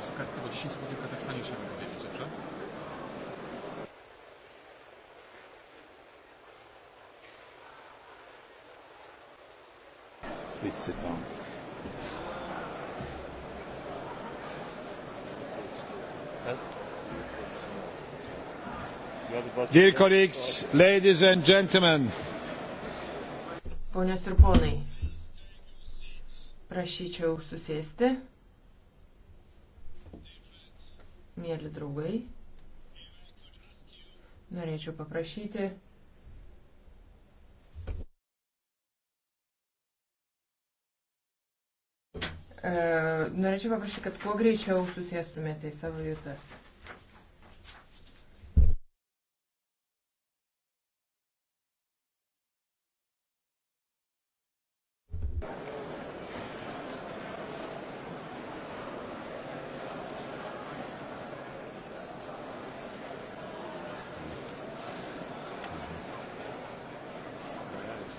prostu kartkę, bo 10 sekund w Kazachstanie trzeba dowiedzieć, dobrze? Please sit down. Dear colleagues, ladies and gentlemen. Ponios ir ponai, prašyčiau susėsti mėly draugai, norėčiau paprašyti e, norėčiau paprašyti, kad kuo greičiau susėstumėte į savo vietas.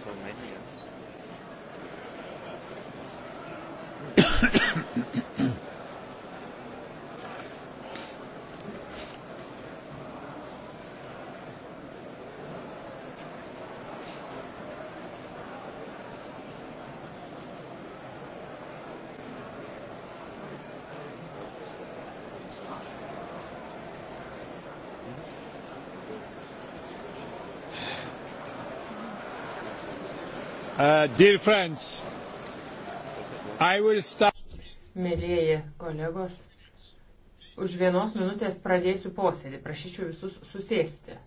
so many. Uh, dear friends, I will start. Mėlyjeji kolegos, už vienos minutės pradėsiu posėdį. Prašyčiau visus susėsti.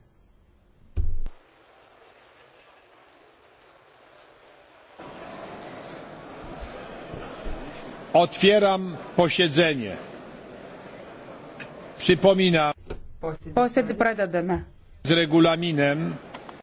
Otwieram posiedzenie. Przypominam. Posėdį pradedame. Z regulaminem